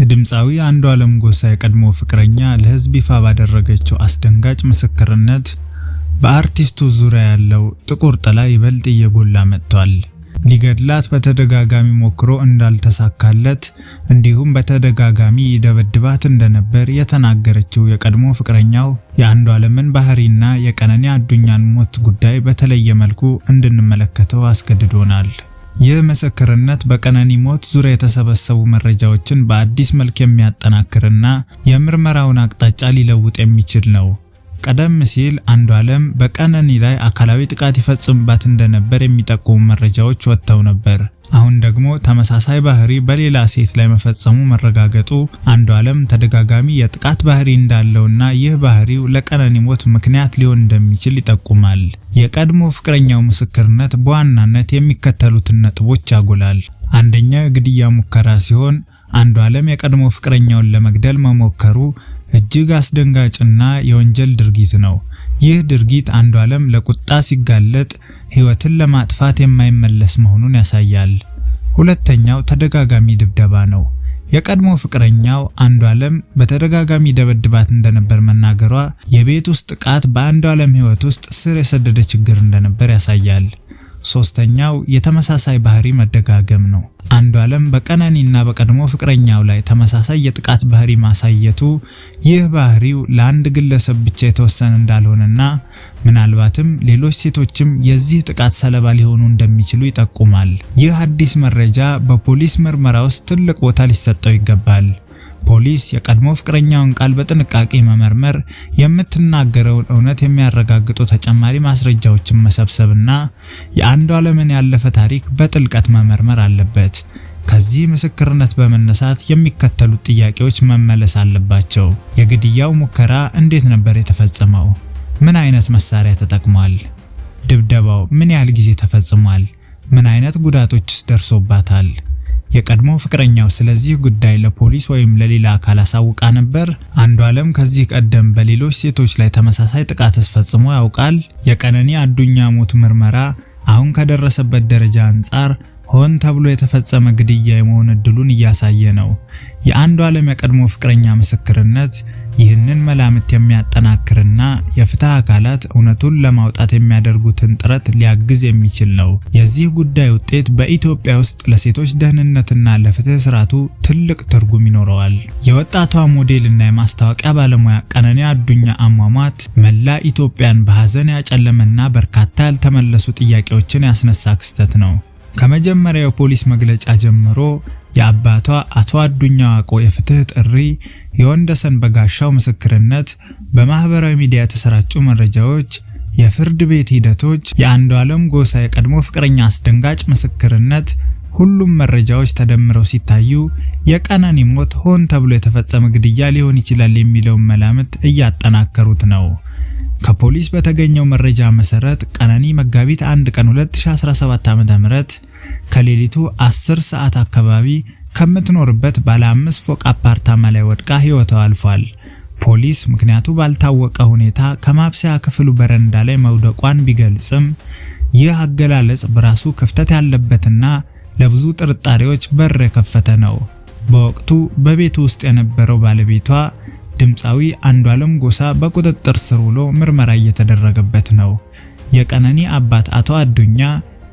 የድምፃዊ አለም ጎሳ የቀድሞ ፍቅረኛ ለህዝብ ይፋ ባደረገችው አስደንጋጭ ምስክርነት በአርቲስቱ ዙሪያ ያለው ጥቁር ጥላ ይበልጥ እየጎላ መጥቷል። ሊገድላት በተደጋጋሚ ሞክሮ እንዳልተሳካለት እንዲሁም በተደጋጋሚ ይደበድባት እንደነበር የተናገረችው የቀድሞ ፍቅረኛው የአንዱ ዓለምን ባህሪና የቀነኒ አዱኛን ሞት ጉዳይ በተለየ መልኩ እንድንመለከተው አስገድዶናል። ይህ ምስክርነት በቀነኒ ሞት ዙሪያ የተሰበሰቡ መረጃዎችን በአዲስ መልክ የሚያጠናክርና የምርመራውን አቅጣጫ ሊለውጥ የሚችል ነው። ቀደም ሲል አንዷለም በቀነኒ ላይ አካላዊ ጥቃት ይፈጽምባት እንደነበር የሚጠቁሙ መረጃዎች ወጥተው ነበር። አሁን ደግሞ ተመሳሳይ ባህሪ በሌላ ሴት ላይ መፈጸሙ መረጋገጡ አንዷለም ተደጋጋሚ የጥቃት ባህሪ እንዳለውና ይህ ባህሪው ለቀነኒ ሞት ምክንያት ሊሆን እንደሚችል ይጠቁማል። የቀድሞ ፍቅረኛው ምስክርነት በዋናነት የሚከተሉትን ነጥቦች ያጎላል። አንደኛው የግድያ ሙከራ ሲሆን አንዱ ዓለም የቀድሞ ፍቅረኛውን ለመግደል መሞከሩ እጅግ አስደንጋጭና የወንጀል ድርጊት ነው። ይህ ድርጊት አንዱ ዓለም ለቁጣ ሲጋለጥ ሕይወትን ለማጥፋት የማይመለስ መሆኑን ያሳያል። ሁለተኛው ተደጋጋሚ ድብደባ ነው። የቀድሞ ፍቅረኛው አንዱ ዓለም በተደጋጋሚ ደበድባት እንደነበር መናገሯ የቤት ውስጥ ጥቃት በአንዱ ዓለም ሕይወት ውስጥ ስር የሰደደ ችግር እንደነበር ያሳያል። ሶስተኛው የተመሳሳይ ባህሪ መደጋገም ነው። አንዱ አንዷለም በቀነኒና በቀድሞ ፍቅረኛው ላይ ተመሳሳይ የጥቃት ባህሪ ማሳየቱ ይህ ባህሪው ለአንድ ግለሰብ ብቻ የተወሰነ እንዳልሆነና ምናልባትም ሌሎች ሴቶችም የዚህ ጥቃት ሰለባ ሊሆኑ እንደሚችሉ ይጠቁማል። ይህ አዲስ መረጃ በፖሊስ ምርመራ ውስጥ ትልቅ ቦታ ሊሰጠው ይገባል። ፖሊስ የቀድሞ ፍቅረኛውን ቃል በጥንቃቄ መመርመር፣ የምትናገረውን እውነት የሚያረጋግጡ ተጨማሪ ማስረጃዎችን መሰብሰብና የአንዱ ዓለምን ያለፈ ታሪክ በጥልቀት መመርመር አለበት። ከዚህ ምስክርነት በመነሳት የሚከተሉት ጥያቄዎች መመለስ አለባቸው። የግድያው ሙከራ እንዴት ነበር የተፈጸመው? ምን አይነት መሳሪያ ተጠቅሟል? ድብደባው ምን ያህል ጊዜ ተፈጽሟል? ምን አይነት ጉዳቶችስ ደርሶባታል? የቀድሞ ፍቅረኛው ስለዚህ ጉዳይ ለፖሊስ ወይም ለሌላ አካል አሳውቃ ነበር? አንዱ አለም ከዚህ ቀደም በሌሎች ሴቶች ላይ ተመሳሳይ ጥቃት ፈጽሞ ያውቃል? የቀነኒ አዱኛ ሞት ምርመራ አሁን ከደረሰበት ደረጃ አንጻር ሆን ተብሎ የተፈጸመ ግድያ የመሆን እድሉን እያሳየ ነው። የአንዱ አለም የቀድሞ ፍቅረኛ ምስክርነት ይህንን መላምት የሚያጠናክርና የፍትህ አካላት እውነቱን ለማውጣት የሚያደርጉትን ጥረት ሊያግዝ የሚችል ነው። የዚህ ጉዳይ ውጤት በኢትዮጵያ ውስጥ ለሴቶች ደህንነትና ለፍትህ ስርዓቱ ትልቅ ትርጉም ይኖረዋል። የወጣቷ ሞዴልና የማስታወቂያ ባለሙያ ቀነኒ አዱኛ አሟሟት መላ ኢትዮጵያን በሀዘን ያጨለመና በርካታ ያልተመለሱ ጥያቄዎችን ያስነሳ ክስተት ነው። ከመጀመሪያው የፖሊስ መግለጫ ጀምሮ የአባቷ አቶ አዱኛ ዋቆ የፍትህ ጥሪ የወንደሰን በጋሻው ምስክርነት፣ በማህበራዊ ሚዲያ የተሰራጩ መረጃዎች፣ የፍርድ ቤት ሂደቶች፣ የአንዱ ዓለም ጎሳ የቀድሞ ፍቅረኛ አስደንጋጭ ምስክርነት፣ ሁሉም መረጃዎች ተደምረው ሲታዩ የቀነኒ ሞት ሆን ተብሎ የተፈጸመ ግድያ ሊሆን ይችላል የሚለውን መላምት እያጠናከሩት ነው። ከፖሊስ በተገኘው መረጃ መሰረት ቀነኒ መጋቢት 1 ቀን 2017 ዓ.ም ከሌሊቱ 10 ሰዓት አካባቢ ከምትኖርበት ባለ አምስት ፎቅ አፓርታማ ላይ ወድቃ ህይወቷ አልፏል። ፖሊስ ምክንያቱ ባልታወቀ ሁኔታ ከማብሰያ ክፍሉ በረንዳ ላይ መውደቋን ቢገልጽም ይህ አገላለጽ በራሱ ክፍተት ያለበትና ለብዙ ጥርጣሬዎች በር የከፈተ ነው። በወቅቱ በቤቱ ውስጥ የነበረው ባለቤቷ ድምፃዊ አንዷለም ጎሳ በቁጥጥር ስር ውሎ ምርመራ እየተደረገበት ነው። የቀነኒ አባት አቶ አዱኛ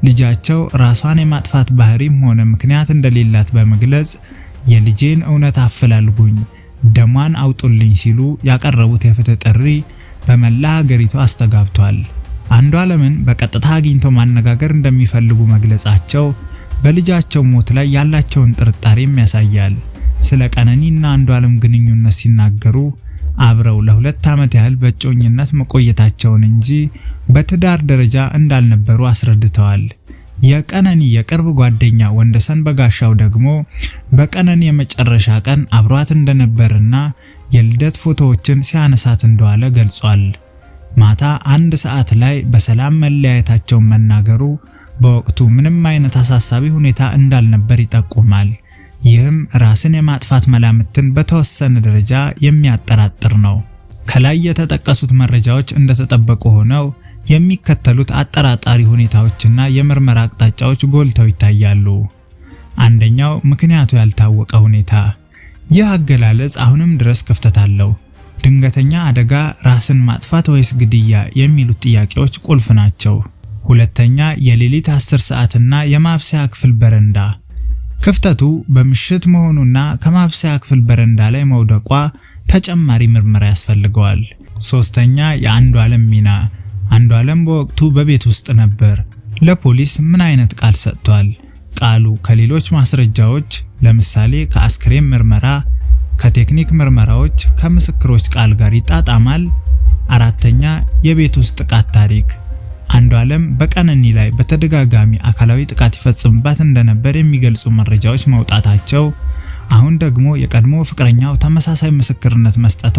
ልጃቸው ራሷን የማጥፋት ባህሪም ሆነ ምክንያት እንደሌላት በመግለጽ የልጄን እውነት አፈላልጉኝ፣ ደሟን አውጡልኝ ሲሉ ያቀረቡት የፍትህ ጥሪ በመላ ሀገሪቱ አስተጋብቷል። አንዷለምን በቀጥታ አግኝቶ ማነጋገር እንደሚፈልጉ መግለጻቸው በልጃቸው ሞት ላይ ያላቸውን ጥርጣሬም ያሳያል። ስለ ቀነኒና አንዷለም ግንኙነት ሲናገሩ አብረው ለሁለት ዓመት ያህል በእጮኝነት መቆየታቸውን እንጂ በትዳር ደረጃ እንዳልነበሩ አስረድተዋል። የቀነኒ የቅርብ ጓደኛ ወንደሰን በጋሻው ደግሞ በቀነኒ የመጨረሻ ቀን አብሯት እንደነበርና የልደት ፎቶዎችን ሲያነሳት እንደዋለ ገልጿል። ማታ አንድ ሰዓት ላይ በሰላም መለያየታቸውን መናገሩ በወቅቱ ምንም አይነት አሳሳቢ ሁኔታ እንዳልነበር ይጠቁማል። ይህም ራስን የማጥፋት መላምትን በተወሰነ ደረጃ የሚያጠራጥር ነው። ከላይ የተጠቀሱት መረጃዎች እንደተጠበቁ ሆነው የሚከተሉት አጠራጣሪ ሁኔታዎችና የምርመራ አቅጣጫዎች ጎልተው ይታያሉ። አንደኛው ምክንያቱ ያልታወቀ ሁኔታ። ይህ አገላለጽ አሁንም ድረስ ክፍተት አለው። ድንገተኛ አደጋ፣ ራስን ማጥፋት ወይስ ግድያ የሚሉት ጥያቄዎች ቁልፍ ናቸው። ሁለተኛ የሌሊት 10 ሰዓትና የማብሰያ ክፍል በረንዳ ክፍተቱ በምሽት መሆኑና ከማብሰያ ክፍል በረንዳ ላይ መውደቋ ተጨማሪ ምርመራ ያስፈልገዋል። ሶስተኛ የአንዱ ዓለም ሚና። አንዱ ዓለም በወቅቱ በቤት ውስጥ ነበር። ለፖሊስ ምን አይነት ቃል ሰጥቷል? ቃሉ ከሌሎች ማስረጃዎች ለምሳሌ ከአስክሬን ምርመራ፣ ከቴክኒክ ምርመራዎች፣ ከምስክሮች ቃል ጋር ይጣጣማል? አራተኛ የቤት ውስጥ ጥቃት ታሪክ አንዱ ዓለም በቀነኒ ላይ በተደጋጋሚ አካላዊ ጥቃት ይፈጽምባት እንደነበር የሚገልጹ መረጃዎች መውጣታቸው፣ አሁን ደግሞ የቀድሞ ፍቅረኛው ተመሳሳይ ምስክርነት መስጠቷ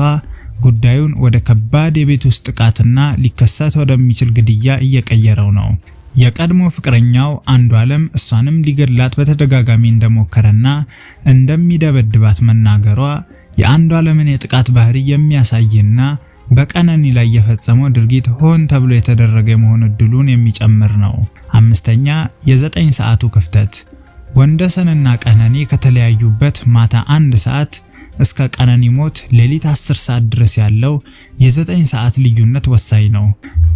ጉዳዩን ወደ ከባድ የቤት ውስጥ ጥቃትና ሊከሰት ወደሚችል ግድያ እየቀየረው ነው። የቀድሞ ፍቅረኛው አንዱ ዓለም እሷንም ሊገድላት በተደጋጋሚ እንደሞከረና እንደሚደበድባት መናገሯ የአንዱ ዓለምን የጥቃት ባህሪ የሚያሳይና በቀነኒ ላይ የፈጸመው ድርጊት ሆን ተብሎ የተደረገ የመሆን እድሉን የሚጨምር ነው። አምስተኛ የዘጠኝ ሰዓቱ ክፍተት ወንደሰንና ቀነኒ ከተለያዩበት ማታ አንድ ሰዓት እስከ ቀነኒ ሞት ሌሊት 10 ሰዓት ድረስ ያለው የዘጠኝ ሰዓት ልዩነት ወሳኝ ነው።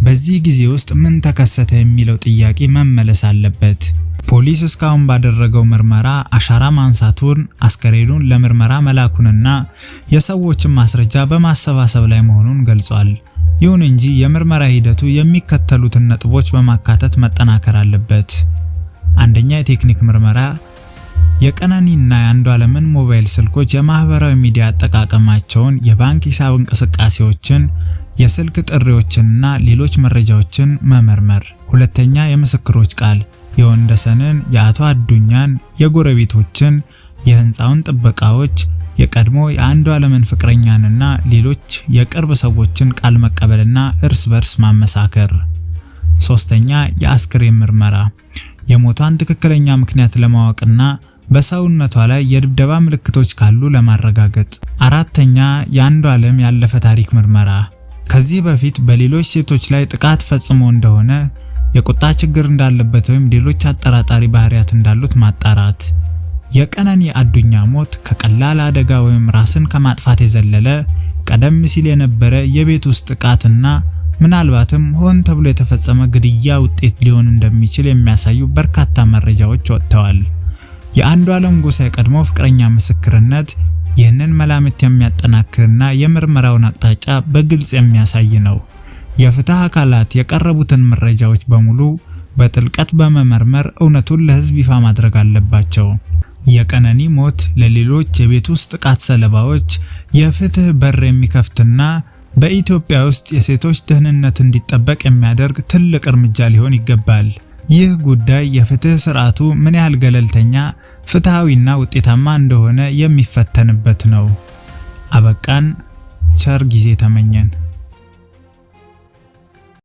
በዚህ ጊዜ ውስጥ ምን ተከሰተ የሚለው ጥያቄ መመለስ አለበት። ፖሊስ እስካሁን ባደረገው ምርመራ አሻራ ማንሳቱን፣ አስከሬኑን ለምርመራ መላኩንና የሰዎችን ማስረጃ በማሰባሰብ ላይ መሆኑን ገልጿል። ይሁን እንጂ የምርመራ ሂደቱ የሚከተሉትን ነጥቦች በማካተት መጠናከር አለበት። አንደኛ፣ የቴክኒክ ምርመራ የቀነኒና የአንዷለምን ሞባይል ስልኮች፣ የማህበራዊ ሚዲያ አጠቃቀማቸውን፣ የባንክ ሂሳብ እንቅስቃሴዎችን፣ የስልክ ጥሪዎችንና ሌሎች መረጃዎችን መመርመር። ሁለተኛ፣ የምስክሮች ቃል የወንደሰንን፣ የአቶ አዱኛን፣ የጎረቤቶችን፣ የህንፃውን ጥበቃዎች፣ የቀድሞ የአንዱ ዓለምን ፍቅረኛንና ሌሎች የቅርብ ሰዎችን ቃል መቀበልና እርስ በርስ ማመሳከር። ሶስተኛ የአስክሬን ምርመራ የሞቷን ትክክለኛ ምክንያት ለማወቅና በሰውነቷ ላይ የድብደባ ምልክቶች ካሉ ለማረጋገጥ። አራተኛ የአንዱ ዓለም ያለፈ ታሪክ ምርመራ ከዚህ በፊት በሌሎች ሴቶች ላይ ጥቃት ፈጽሞ እንደሆነ የቁጣ ችግር እንዳለበት ወይም ሌሎች አጠራጣሪ ባህሪያት እንዳሉት ማጣራት። የቀነኒ አዱኛ ሞት ከቀላል አደጋ ወይም ራስን ከማጥፋት የዘለለ ቀደም ሲል የነበረ የቤት ውስጥ ጥቃትና ምናልባትም ሆን ተብሎ የተፈጸመ ግድያ ውጤት ሊሆን እንደሚችል የሚያሳዩ በርካታ መረጃዎች ወጥተዋል። የአንዱ ዓለም ጎሳ የቀድሞ ፍቅረኛ ምስክርነት ይህንን መላምት የሚያጠናክርና የምርመራውን አቅጣጫ በግልጽ የሚያሳይ ነው። የፍትህ አካላት የቀረቡትን መረጃዎች በሙሉ በጥልቀት በመመርመር እውነቱን ለህዝብ ይፋ ማድረግ አለባቸው። የቀነኒ ሞት ለሌሎች የቤት ውስጥ ጥቃት ሰለባዎች የፍትህ በር የሚከፍትና በኢትዮጵያ ውስጥ የሴቶች ደህንነት እንዲጠበቅ የሚያደርግ ትልቅ እርምጃ ሊሆን ይገባል። ይህ ጉዳይ የፍትህ ስርዓቱ ምን ያህል ገለልተኛ፣ ፍትሐዊና ውጤታማ እንደሆነ የሚፈተንበት ነው። አበቃን። ቸር ጊዜ ተመኘን።